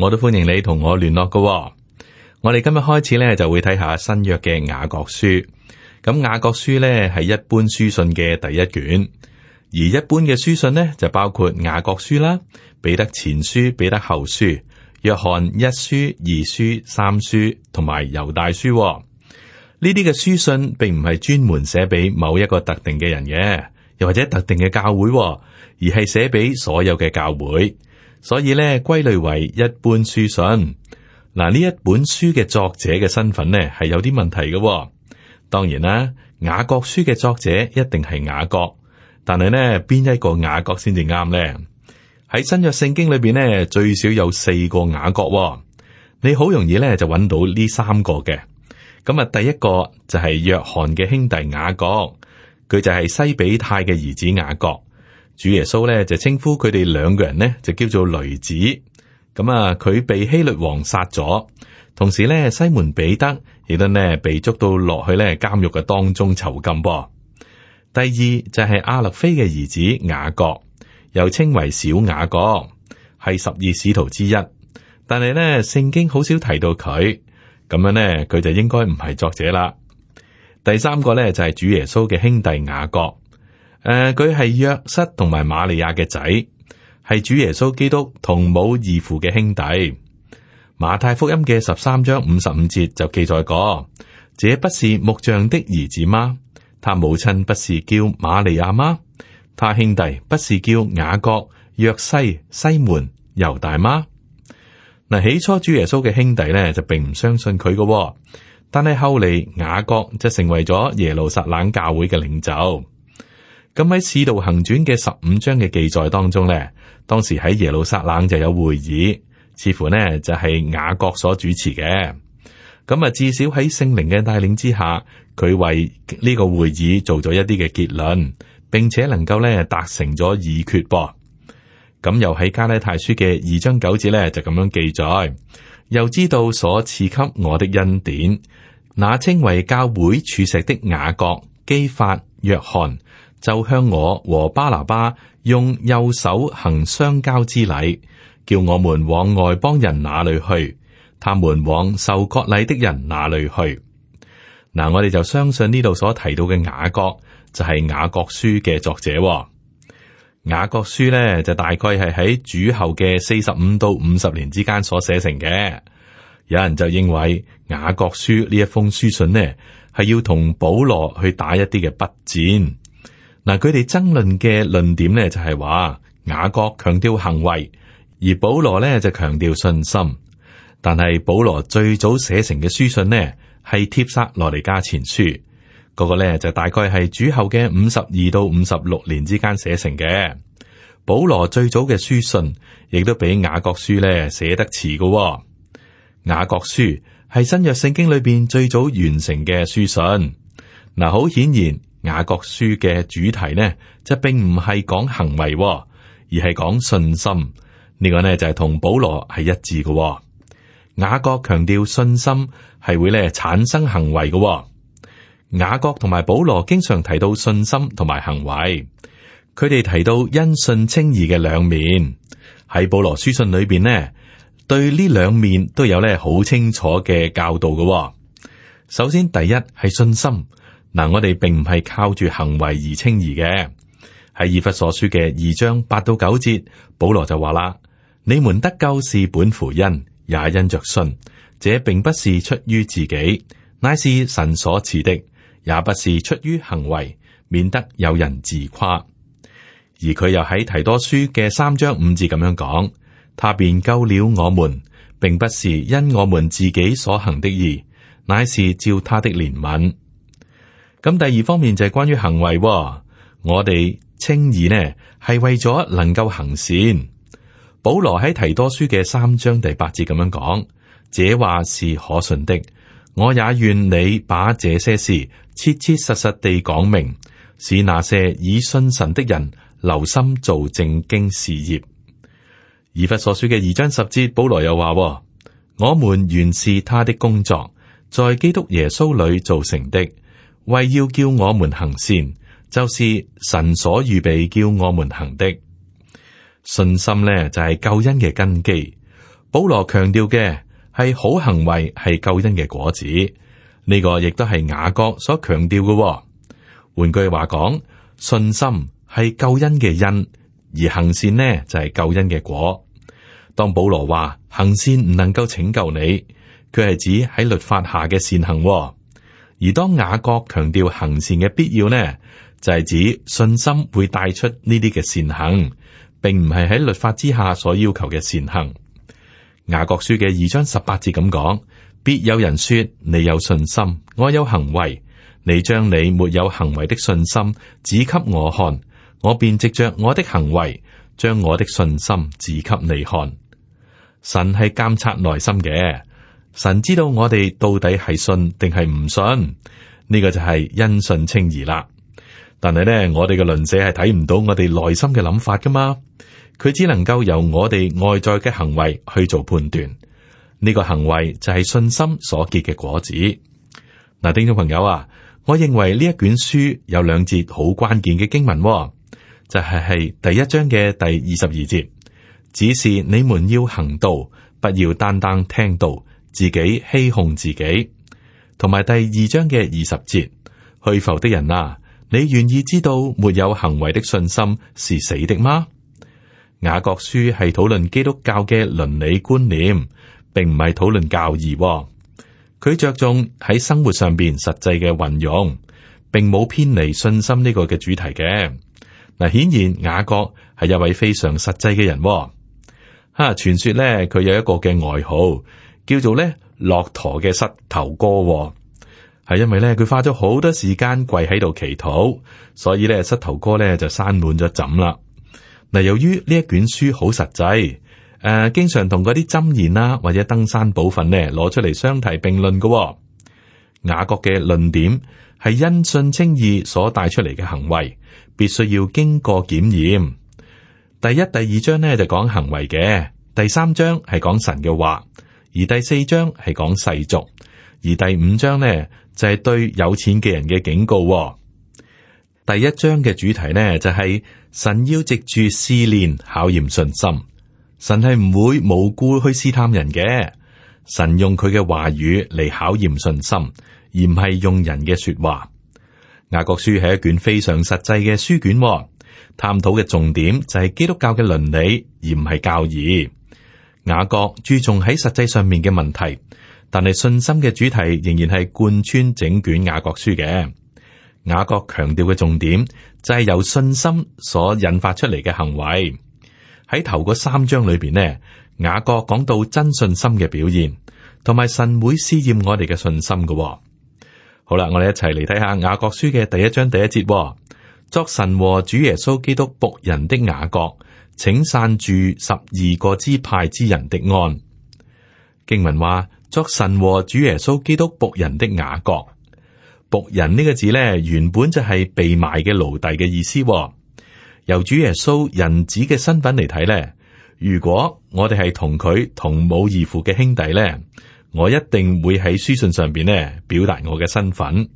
我都歡迎你同我聯絡噶喎。我哋今日開始咧，就會睇下新約嘅雅各書。咁雅各書咧係一般書信嘅第一卷，而一般嘅書信咧就包括雅各書啦、彼得前書、彼得後書、約翰一書、二書、三書同埋猶大書喎。呢啲嘅書信並唔係專門寫俾某一個特定嘅人嘅，又或者特定嘅教、教會喎，而係寫俾所有嘅教會。所以咧，歸類為一般書信。嗱，呢一本書嘅作者嘅身份咧，係有啲問題嘅哦。當然啦，雅各書嘅作者一定係雅各，但係咧，邊一個雅各先至啱咧？喺新約聖經裏邊咧，最少有四個雅各哦。你好容易咧就揾到呢三個嘅。咁啊，第一個就係約翰嘅兄弟雅各，佢就係西比泰嘅兒子雅各。主耶穌咧就稱呼佢哋兩個人呢就叫做雷子。咁啊佢被希律王殺咗，同時咧西門彼得亦都呢被捉到落去咧監獄嘅當中囚禁噃。第二就係阿勒菲嘅兒子雅各，又稱為小雅各，係十二使徒之一，但係咧聖經好少提到佢，咁樣咧佢就應該唔係作者啦。第三個咧就係主耶穌嘅兄弟雅各。誒，佢係、呃、約瑟同埋瑪利亞嘅仔，係主耶穌基督同母異父嘅兄弟。馬太福音嘅十三章五十五節就記載過，這不是木匠的兒子嗎？他母親不是叫瑪利亞嗎？他兄弟不是叫雅各、約西、西門、猶大嗎？嗱，起初主耶穌嘅兄弟咧就並唔相信佢噶，但係後嚟雅各就成為咗耶路撒冷教會嘅領袖。咁喺《使徒行傳》嘅十五章嘅記載當中呢，當時喺耶路撒冷就有會議，似乎呢就係雅各所主持嘅。咁啊，至少喺聖靈嘅帶領之下，佢為呢個會議做咗一啲嘅結論，並且能夠呢達成咗議決。噃咁又喺《加拉太書》嘅二章九節呢，就咁樣記載，又知道所賜給我的恩典，那稱為教會柱石的雅各、基法、約翰。就向我和巴拿巴用右手行相交之禮，叫我們往外邦人那裏去，他們往受割禮的人那裏去。嗱、嗯，我哋就相信呢度所提到嘅雅各就係雅各書嘅作者。哦。雅各書咧就大概係喺主後嘅四十五到五十年之間所寫成嘅。有人就認為雅各書呢一封書信咧係要同保羅去打一啲嘅筆戰。嗱，佢哋爭論嘅論點咧，就係話雅各強調行為，而保羅咧就強調信心。但係保羅最早寫成嘅書信呢，係帖撒羅尼加前書，嗰個咧就大概係主後嘅五十二到五十六年之間寫成嘅。保羅最早嘅書信，亦都比雅各書咧寫得遲噶喎。雅各書係新約聖經裏邊最早完成嘅書信。嗱，好顯然。雅各書嘅主題呢，就係並唔係講行為、哦，而係講信心。呢、呢個呢就係、係、同保羅係一致嘅、哦。雅各強調信心係會呢產生行為嘅、哦。雅各同埋保羅經常提到信心同埋行為，佢哋提到因信稱義嘅兩面。喺保羅書信裏邊呢，對呢兩面都有呢好清楚嘅教導嘅、哦。首先，第一係信心。嗱、嗯，我哋並唔係靠住行為而稱義嘅，喺以弗所書嘅二章八到九節，保羅就話啦：你們得救是本乎恩，也因着信。這並不是出於自己，乃是神所賜的，也不是出於行為，免得有人自誇。而佢又喺提多書嘅三章五字咁樣講：他便救了我們，並不是因我們自己所行的義，乃是照他的憐憫。咁第二方面就係關於行為，我哋稱義呢係為咗能夠行善。保羅喺提多書嘅三章第八節咁樣講，這話是可信的。我也願你把這些事切切實實地講明，使那些以信神的人留心做正經事業。以弗所書嘅二章十節，保羅又話：我們原是他的工作，在基督耶穌裏造成的。為要叫我們行善，就是神所預備叫我們行的。信心咧就係救恩嘅根基。保羅強調嘅係好行為係救恩嘅果子，呢個亦都係雅各所強調嘅。換句話講，信心係救恩嘅因，而行善呢，就係救恩嘅果。當保羅話行善唔能夠拯救你，佢係指喺律法下嘅善行。而當雅各強調行善嘅必要呢，就係指信心會帶出呢啲嘅善行，並唔係喺律法之下所要求嘅善行。雅各書嘅二章十八節咁講：必有人說你有信心，我有行為。你將你沒有行為的信心指給我看，我便藉着我的行為將我的信心指給你看。神係監察內心嘅。神知道我哋到底係信定係唔信呢，這個就係因信稱義啦。但係咧，我哋嘅鄰舍係睇唔到我哋內心嘅諗法噶嘛？佢只能夠由我哋外在嘅行為去做判斷。呢，這個行為就係信心所結嘅果子。嗱，啊，聽眾朋友啊，我認為呢一卷書有兩節好關鍵嘅經文，哦，就係、是、係第一章嘅第二十二節，只是你們要行道，不要單單聽道。自己欺哄自己，同埋第二章嘅二十節，虛浮的人啊，你願意知道沒有行為的信心是死的嗎？雅各書係討論基督教嘅倫理觀念，並唔係討論教義、哦。佢着重喺生活上邊實際嘅運用，並冇偏離信心呢個嘅主題嘅嗱。顯然雅各係一位非常實際嘅人、哦。吓，傳說咧佢有一個嘅外號。叫做咧駱駝嘅膝頭哥，係因為咧佢花咗好多時間跪喺度祈禱，所以咧膝頭哥咧就生滿咗枕啦。嗱，由於呢一卷書好實際，誒、呃，經常同嗰啲箴言啦或者登山寶訓咧攞出嚟相提並論。噶，雅各嘅論點係因信稱義所帶出嚟嘅行為，必須要經過檢驗。第一、第二章咧就講行為嘅，第三章係講神嘅話。而第四章係講世俗，而第五章呢，就係、是、對有錢嘅人嘅警告、哦。第一章嘅主題呢，就係、是、神要藉住試煉考驗信心，神係唔會無故去試探人嘅。神用佢嘅話語嚟考驗信心，而唔係用人嘅說話。雅各書係一卷非常實際嘅書卷、哦，探討嘅重點就係基督教嘅倫理，而唔係教義。雅各注重喺實際上面嘅問題，但係信心嘅主題仍然係貫穿整卷雅各書嘅。雅各強調嘅重點就係由信心所引發出嚟嘅行為。喺頭嗰三章裏邊呢，雅各講到真信心嘅表現，同埋神會試驗我哋嘅信心嘅。好啦，我哋一齊嚟睇下雅各書嘅第一章第一節。作神和主耶穌基督僕人的雅各。請散住十二個支派之人的安。經文話作神和主耶穌基督僕人的雅各。僕人呢個字咧，原本就係被賣嘅奴隸嘅意思，哦。由主耶穌人子嘅身份嚟睇咧，如果我哋係同佢同母異父嘅兄弟咧，我一定會喺書信上邊咧表達我嘅身份。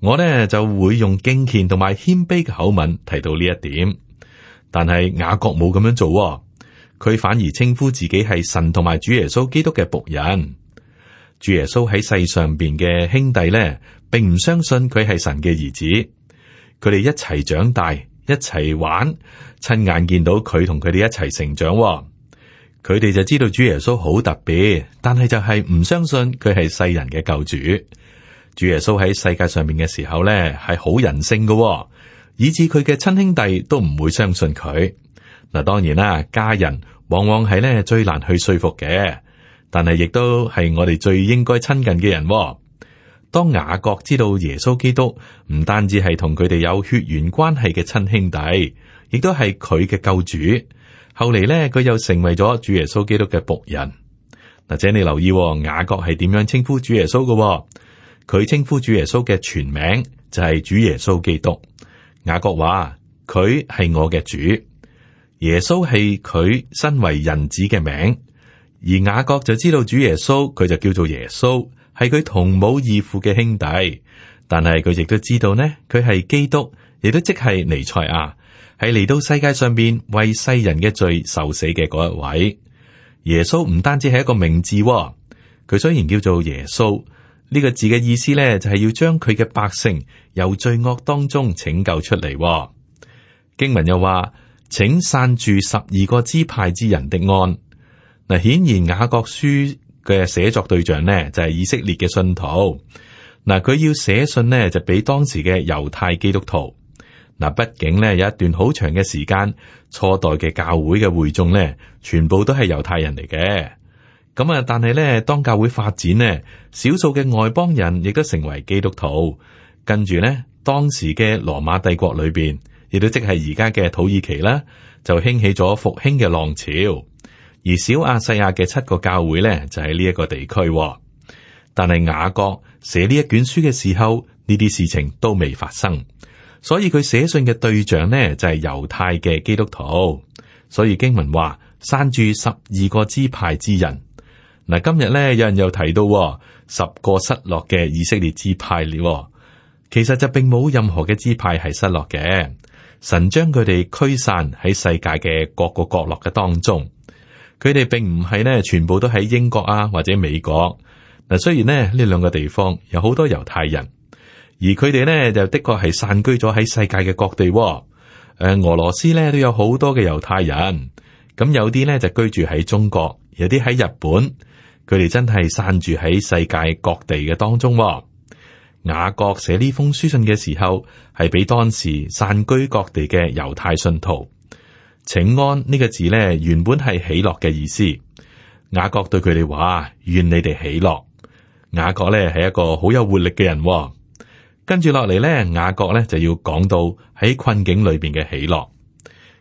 我咧就會用敬虔同埋謙卑嘅口吻提到呢一點。但係雅各冇咁樣做，哦，佢反而稱呼自己係神同埋主耶穌基督嘅僕人。主耶穌喺世上邊嘅兄弟咧，並唔相信佢係神嘅兒子。佢哋一齊長大，一齊玩，親眼見到佢同佢哋一齊成長，哦，佢哋就知道主耶穌好特別。但係就係唔相信佢係世人嘅救主。主耶穌喺世界上面嘅時候咧，係好人性㗎，哦。以至佢嘅親兄弟都唔會相信佢。嗱，當然啦，家人往往係咧最難去說服嘅，但係亦都係我哋最應該親近嘅人。當雅各知道耶穌基督唔單止係同佢哋有血緣關係嘅親兄弟，亦都係佢嘅救主。後嚟咧，佢又成為咗主耶穌基督嘅僕人。嗱。嗱，請你留意，雅各係點樣稱呼主耶穌嘅？佢稱呼主耶穌嘅全名就係主耶穌基督。雅各話：佢係我嘅主，耶穌係佢身為人子嘅名。而雅各就知道主耶穌，佢就叫做耶穌，係佢同母異父嘅兄弟。但係佢亦都知道呢，佢係基督，亦都即係彌賽亞，係嚟到世界上邊為世人嘅罪受死嘅嗰一位。耶穌唔單止係一個名字，佢雖然叫做耶穌。呢個字嘅意思咧，就係要將佢嘅百姓由罪惡當中拯救出嚟，哦。經文又話，請散住十二個支派之人的安。嗱，顯然雅各書嘅寫作對象呢，就係以色列嘅信徒。嗱，佢要寫信呢，就俾當時嘅猶太基督徒。嗱，畢竟呢，有一段好長嘅時間，初代嘅教會嘅會眾呢，全部都係猶太人嚟嘅。咁啊，但係咧，當教會發展咧，少數嘅外邦人亦都成為基督徒。跟住咧，當時嘅羅馬帝國裏邊，亦都即係而家嘅土耳其咧，就興起咗復興嘅浪潮。而小亞細亞嘅七個教會咧，就喺呢一個地區，哦。但係雅各寫呢一卷書嘅時候，呢啲事情都未發生，所以佢寫信嘅對象咧就係、是、猶太嘅基督徒。所以經文話散住十二個支派之人。嗱，今日咧有人又提到，十個失落嘅以色列支派了。其實就並冇任何嘅支派係失落嘅。神將佢哋驅散喺世界嘅各個角落嘅當中。佢哋並唔係咧全部都喺英國啊或者美國。嗱，雖然呢呢兩個地方有好多猶太人，而佢哋咧就的確係散居咗喺世界嘅各地啊。誒，俄羅斯咧都有好多嘅猶太人，咁有啲咧就居住喺中國，有啲喺日本。佢哋真係散住喺世界各地嘅當中，哦。雅各寫呢封書信嘅時候，係俾當時散居各地嘅猶太信徒。請安呢個字咧，原本係喜樂嘅意思。雅各對佢哋話：，願你哋喜樂。雅各咧係一個好有活力嘅人，哦。跟住落嚟咧，雅各咧就要講到喺困境裏邊嘅喜樂。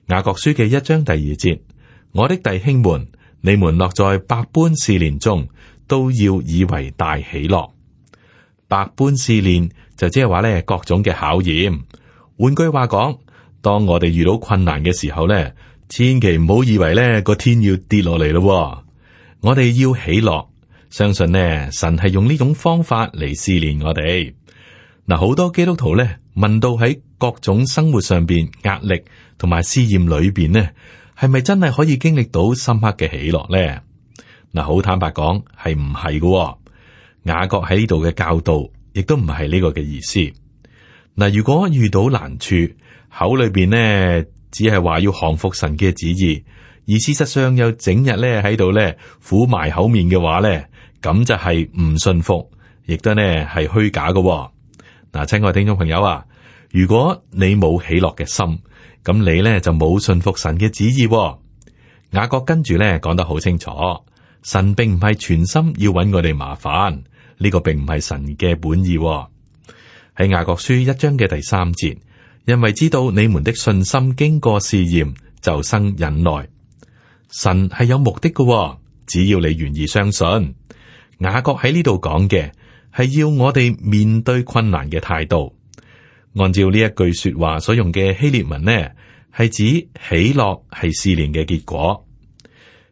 雅各書嘅一章第二節：，我的弟兄們。你們落在百般試煉中，都要以為大喜樂。百般試煉就即係話咧，各種嘅考驗。換句話講，當我哋遇到困難嘅時候咧，千祈唔好以為咧個天要跌落嚟咯。我哋要喜樂，相信呢神係用呢種方法嚟試煉我哋。嗱，好多基督徒咧問到喺各種生活上邊壓力同埋試驗裏邊呢。係咪真係可以經歷到深刻嘅喜樂咧？嗱、嗯，好坦白講，係唔係嘅？雅各喺呢度嘅教導，亦都唔係呢個嘅意思。嗱、嗯，如果遇到難處，口裏邊呢，只係話要降服神嘅旨意，而事實上又整日咧喺度咧苦埋口面嘅話咧，咁就係唔信服，亦都呢係虛假嘅、哦。嗱、嗯，親愛聽眾朋友啊，如果你冇喜樂嘅心。咁你咧就冇信服神嘅旨意、哦，雅各跟住咧講得好清楚，神並唔係全心要揾我哋麻煩，呢、這個並唔係神嘅本意、哦。喺雅各書一章嘅第三節，因為知道你們的信心經過試驗就生忍耐，神係有目的嘅、哦，只要你願意相信。雅各喺呢度講嘅係要我哋面對困難嘅態度，按照呢一句說話所用嘅希臘文呢。係指喜樂係試練嘅結果。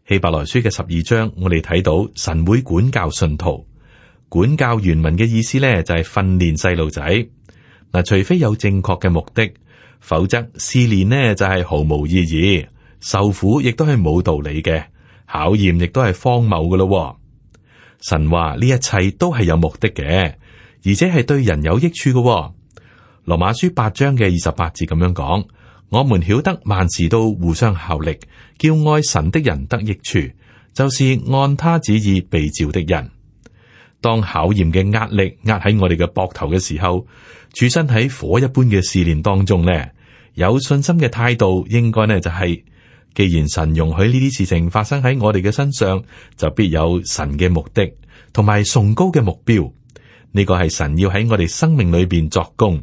希伯來書嘅十二章，我哋睇到神會管教信徒，管教原文嘅意思咧就係訓練細路仔嗱。除非有正確嘅目的，否則試練呢就係毫無意義，受苦亦都係冇道理嘅，考驗亦都係荒謬噶咯。神話呢一切都係有目的嘅，而且係對人有益處嘅。羅馬書八章嘅二十八字咁樣講。我們曉得萬事都互相效力，叫愛神的人得益處，就是按他旨意被召的人。當考驗嘅壓力壓喺我哋嘅膊頭嘅時候，處身喺火一般嘅試煉當中呢，有信心嘅態度應該呢就係，既然神容許呢啲事情發生喺我哋嘅身上，就必有神嘅目的同埋崇高嘅目標。呢個係神要喺我哋生命裏邊作工。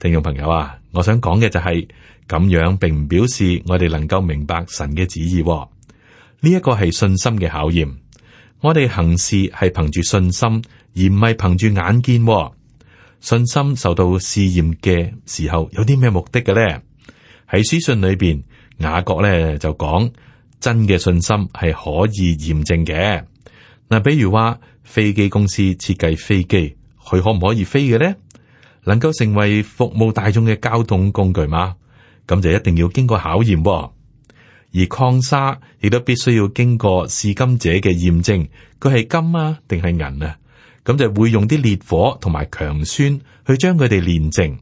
聽眾朋友啊！我想講嘅就係咁樣，並唔表示我哋能夠明白神嘅旨意喎。呢一個係信心嘅考驗。我哋行事係憑住信心，而唔係憑住眼見喎。信心受到試驗嘅時候，有啲咩目的嘅呢？喺書信裏邊，雅各咧就講真嘅信心係可以驗證嘅。嗱，比如話飛機公司設計飛機，佢可唔可以飛嘅呢？能夠成為服務大眾嘅交通工具嗎？咁就一定要經過考驗喎。而礦砂亦都必須要經過試金者嘅驗證，佢係金啊定係銀啊？咁就會用啲烈火同埋強酸去將佢哋煉淨，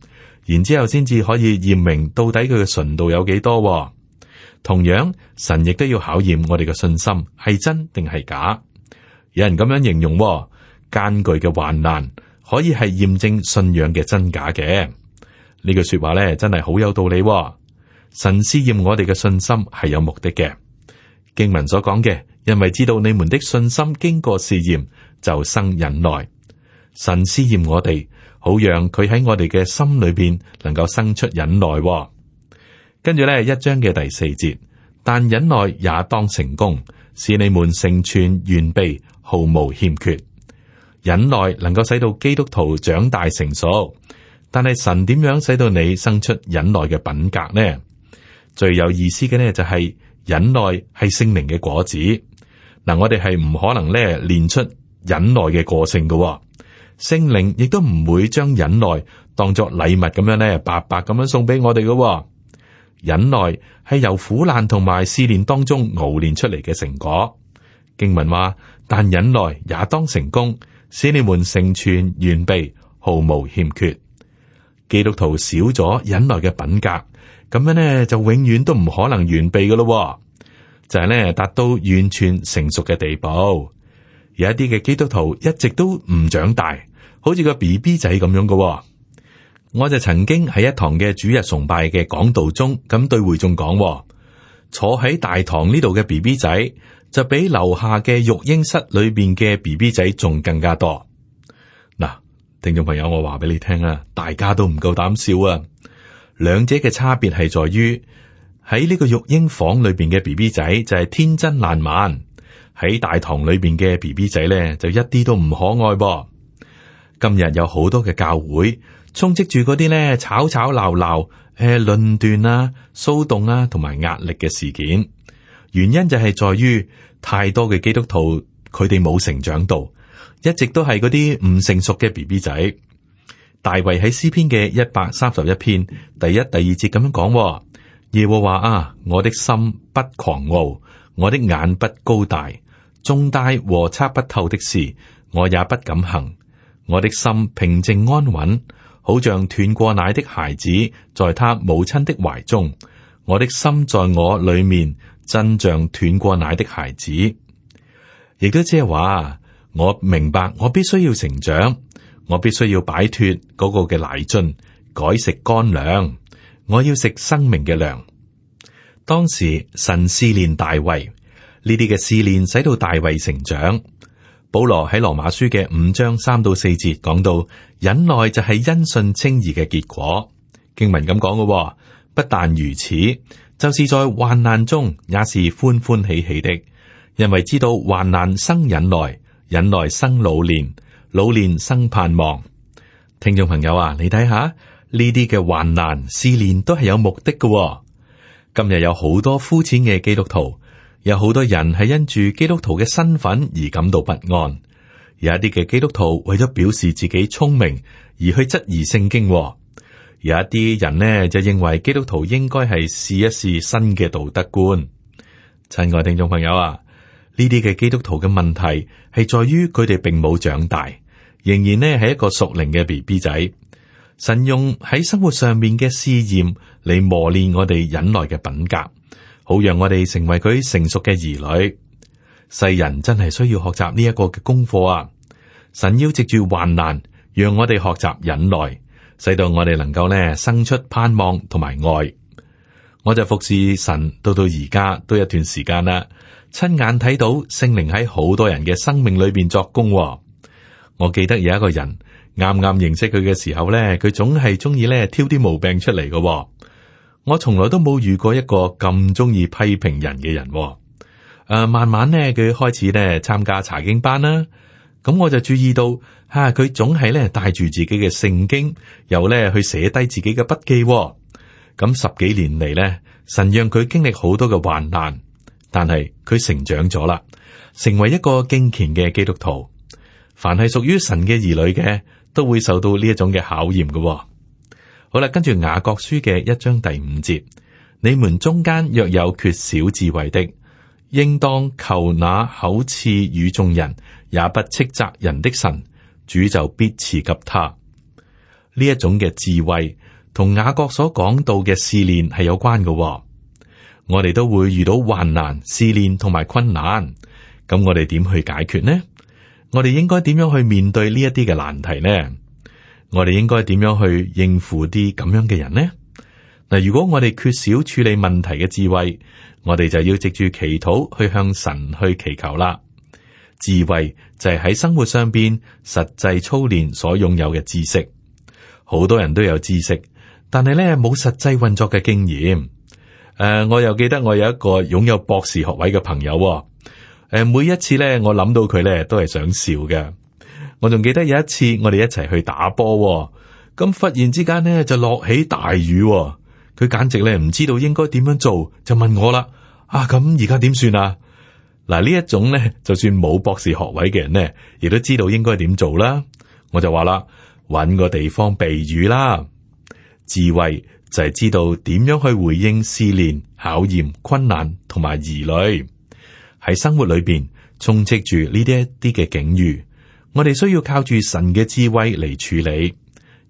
然之後先至可以驗明到底佢嘅純度有幾多喎。同樣，神亦都要考驗我哋嘅信心係真定係假。有人咁樣形容喎：艱巨嘅患難。可以係驗證信仰嘅真假嘅，呢句說話咧真係好有道理哦。神試驗我哋嘅信心係有目的嘅。經文所講嘅，因為知道你們的信心經過試驗，就生忍耐。神試驗我哋，好讓佢喺我哋嘅心裏邊能夠生出忍耐。跟住咧一章嘅第四節，但忍耐也當成功，使你們成全完備，毫無欠缺。忍耐能夠使到基督徒長大成熟，但係神點樣使到你生出忍耐嘅品格呢？最有意思嘅呢就係忍耐係聖靈嘅果子。嗱，我哋係唔可能呢練出忍耐嘅個性噶。聖靈亦都唔會將忍耐當作禮物咁樣呢，白白咁樣送俾我哋噶。忍耐係由苦難同埋試煉當中熬練出嚟嘅成果。經文話，但忍耐也當成功。使你們成全、完備，毫無欠缺。基督徒少咗忍耐嘅品格，咁樣呢就永遠都唔可能完備噶咯。就係呢達到完全成熟嘅地步。有一啲嘅基督徒一直都唔長大，好似個 B B 仔咁樣噶。我就曾經喺一堂嘅主日崇拜嘅講道中咁對會眾講。坐喺大堂呢度嘅 B B 仔就比樓下嘅育嬰室裏邊嘅 B B 仔仲更加多。嗱，聽眾朋友，我話俾你聽啊，大家都唔夠膽笑啊。兩者嘅差別係在於喺呢個育嬰房裏邊嘅 B B 仔就係天真爛漫，喺大堂裏邊嘅 B B 仔咧就一啲都唔可愛噃。今日有好多嘅教會。充斥住嗰啲咧，吵吵鬧鬧，誒、呃，論斷啊，騷動啊，同埋壓力嘅事件。原因就係在於太多嘅基督徒，佢哋冇成長到，一直都係嗰啲唔成熟嘅 B B 仔。大衛喺詩篇嘅一百三十一篇第一、第二節咁樣講：耶和華啊，我的心不狂傲，我的眼不高大，重大和測不透的事，我也不敢行。我的心平靜安穩。好像斷過奶的孩子，在他母親的懷中，我的心在我裏面，真像斷過奶的孩子。亦都即係話，我明白我必須要成長，我必須要擺脫嗰個嘅奶樽，改食乾糧，我要食生命嘅糧。當時神試煉大衛，呢啲嘅試煉使到大衛成長。保羅喺羅馬書嘅五章三到四節講到忍耐就係因信稱義嘅結果。經文咁講嘅，不但如此，就是在患難中也是歡歡喜喜的，因為知道患難生忍耐，忍耐生老練，老練生盼望。聽眾朋友啊，你睇下呢啲嘅患難試煉都係有目的嘅。今日有好多膚淺嘅基督徒。有好多人係因住基督徒嘅身份而感到不安，有一啲嘅基督徒為咗表示自己聰明而去質疑聖經。哦，有一啲人呢，就認為基督徒應該係試一試新嘅道德觀。親愛聽眾朋友啊，呢啲嘅基督徒嘅問題係在於佢哋並冇長大，仍然呢係一個屬靈嘅 B B 仔。神用喺生活上面嘅試驗嚟磨練我哋忍耐嘅品格。好讓我哋成為佢成熟嘅兒女，世人真係需要學習呢一個嘅功課啊！神要藉住患難，讓我哋學習忍耐，使到我哋能夠咧生出盼望同埋愛。我就服侍神到到而家都有一段時間啦，親眼睇到聖靈喺好多人嘅生命裏邊作工啊。我記得有一個人啱啱認識佢嘅時候咧，佢總係中意咧挑啲毛病出嚟嘅啊。我從來都冇遇過一個咁中意批評人嘅人、哦。誒、啊,慢慢咧，佢開始咧參加查經班啦。咁我就注意到，吓、啊、佢總係咧帶住自己嘅聖經，又咧去寫低自己嘅筆記、哦。咁、嗯、十幾年嚟咧，神讓佢經歷好多嘅患難，但係佢成長咗啦，成為一個敬虔嘅基督徒。凡係屬於神嘅兒女嘅，都會受到呢一種嘅考驗嘅、哦。好啦，跟住雅各書嘅一章第五節，你們中間若有缺少智慧的，應當求那口賜與眾人，也不斥責人的神，主就必賜及他。呢一種嘅智慧，同雅各所講到嘅試煉係有關嘅，哦。我哋都會遇到患難、試煉同埋困難，咁我哋點去解決呢？我哋應該點樣去面對呢一啲嘅難題呢？我哋應該點樣去應付啲咁樣嘅人呢？嗱，如果我哋缺少處理問題嘅智慧，我哋就要藉住祈禱去向神去祈求啦。智慧就係喺生活上面實際操練所擁有嘅知識。好多人都有知識，但係咧冇實際運作嘅經驗。誒、呃，我又記得我有一個擁有博士學位嘅朋友，哦，誒、呃，每一次咧我諗到佢咧都係想笑嘅。我仲記得有一次，我哋一齊去打波、哦，咁忽然之間咧就落起大雨、哦，佢簡直咧唔知道應該點樣做，就問我啦：啊，咁而家點算啊？嗱，呢一種咧就算冇博士學位嘅人咧，亦都知道應該點做啦。我就話啦，搵個地方避雨啦。智慧就係知道點樣去回應試煉、考驗、困難同埋疑慮喺生活裏邊充斥住呢啲一啲嘅境遇。我哋需要靠住神嘅智慧嚟處理。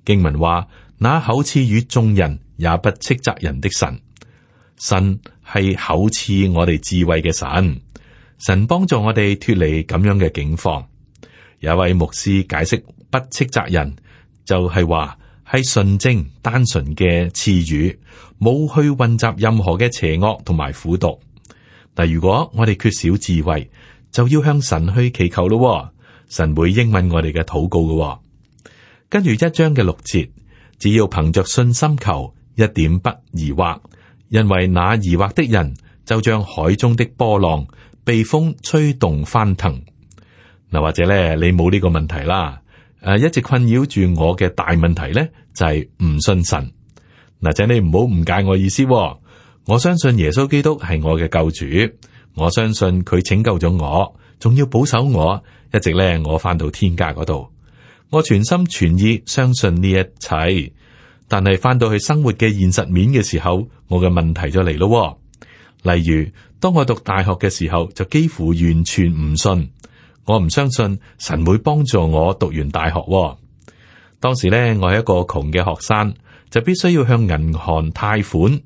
經文話，那厚賜與眾人也不斥責人的神，神係厚賜我哋智慧嘅神。神幫助我哋脱離咁樣嘅境況。有位牧師解釋，不斥責人就係話係純正單純嘅賜語，冇去混雜任何嘅邪惡同埋苦毒。但如果我哋缺少智慧，就要向神去祈求咯。神會應允我哋嘅禱告嘅。哦，跟住一章嘅六節，只要憑着信心求，一點不疑惑，因為那疑惑的人，就像海中的波浪被風吹動翻騰。嗱，或者咧，你冇呢個問題啦。誒，一直困擾住我嘅大問題咧，就係唔信神。嗱，即係你唔好誤解我意思，哦。我相信耶穌基督係我嘅救主，我相信佢拯救咗我。仲要保守我，一直咧，我翻到天家嗰度，我全心全意相信呢一切。但係翻到去生活嘅現實面嘅時候，我嘅問題就嚟咯。例如，當我讀大學嘅時候，就幾乎完全唔信，我唔相信神會幫助我讀完大學。當時咧，我係一個窮嘅學生，就必須要向銀行貸款，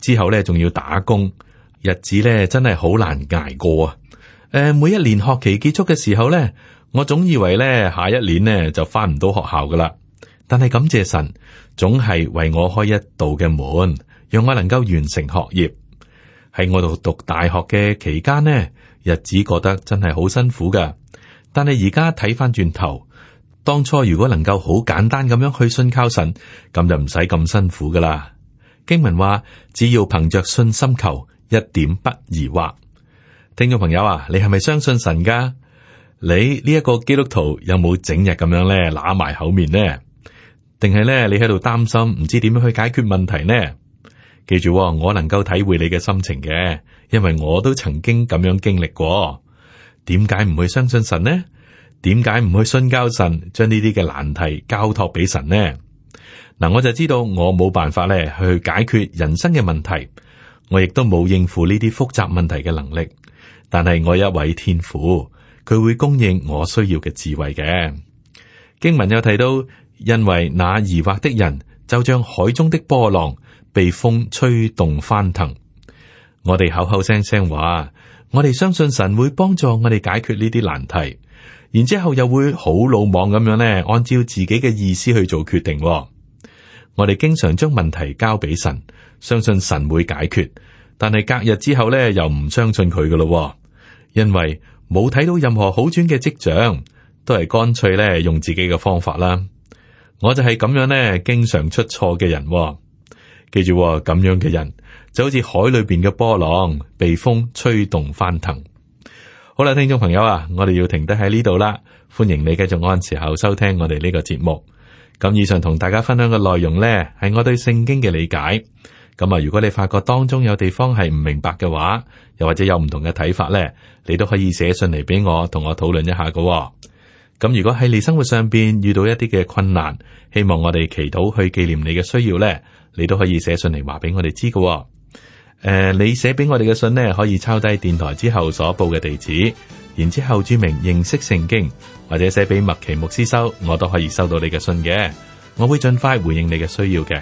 之後咧，仲要打工，日子咧，真係好難捱過啊！誒，每一年學期結束嘅時候咧，我總以為咧，下一年咧就翻唔到學校噶啦。但係感謝神，總係為我開一道嘅門，讓我能夠完成學業。喺我度讀大學嘅期間呢，日子過得真係好辛苦噶。但係而家睇翻轉頭，當初如果能夠好簡單咁樣去信靠神，咁就唔使咁辛苦噶啦。經文話，只要憑着信心求，一點不疑惑。聽眾朋友啊，你係咪相信神噶？你呢一個基督徒有冇整日咁樣咧，揦埋口面咧？定係咧，你喺度擔心，唔知點樣去解決問題呢？記住哦，我能夠體會你嘅心情嘅，因為我都曾經咁樣經歷過。點解唔去相信神呢？點解唔去信交神，將呢啲嘅難題交託俾神呢？嗱，我就知道我冇辦法咧去解決人生嘅問題，我亦都冇應付呢啲複雜問題嘅能力。但係我一位天父，佢會供應我需要嘅智慧嘅。經文又提到，因為那疑惑的人，就像海中的波浪，被風吹動翻騰。我哋口口聲聲話，我哋相信神會幫助我哋解決呢啲難題，然之後又會好魯莽咁樣咧，按照自己嘅意思去做決定。我哋經常將問題交俾神，相信神會解決，但係隔日之後呢，又唔相信佢噶咯。因為冇睇到任何好轉嘅跡象，都係乾脆咧用自己嘅方法啦。我就係咁樣咧，經常出錯嘅人哦。記住哦，咁樣嘅人就好似海裏邊嘅波浪，被風吹動翻騰。好啦，聽眾朋友啊，我哋要停得喺呢度啦。歡迎你繼續按時候收聽我哋呢個節目。咁以上同大家分享嘅內容咧，係我對聖經嘅理解。咁啊，如果你發覺當中有地方係唔明白嘅話，又或者有唔同嘅睇法呢，你都可以寫信嚟俾我，同我討論一下噶喎。咁如果喺你生活上邊遇到一啲嘅困難，希望我哋祈禱去紀念你嘅需要呢，你都可以寫信嚟話俾我哋知噶。誒、呃，你寫俾我哋嘅信呢，可以抄低電台之後所報嘅地址，然之後注明認識聖經，或者寫俾麥奇牧師收，我都可以收到你嘅信嘅。我會盡快回應你嘅需要嘅。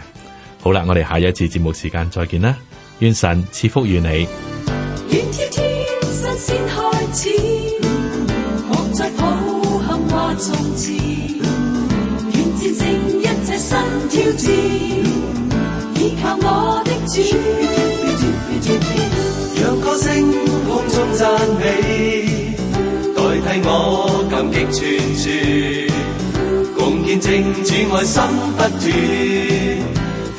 好啦，我哋下一次節目時間再見啦，願神賜福與你。願天天新鮮開始，莫再抱憾話從前，願戰勝一切新挑戰，倚靠我的主。讓歌聲空中讚美，代替我感激全全，共見證主愛心不斷。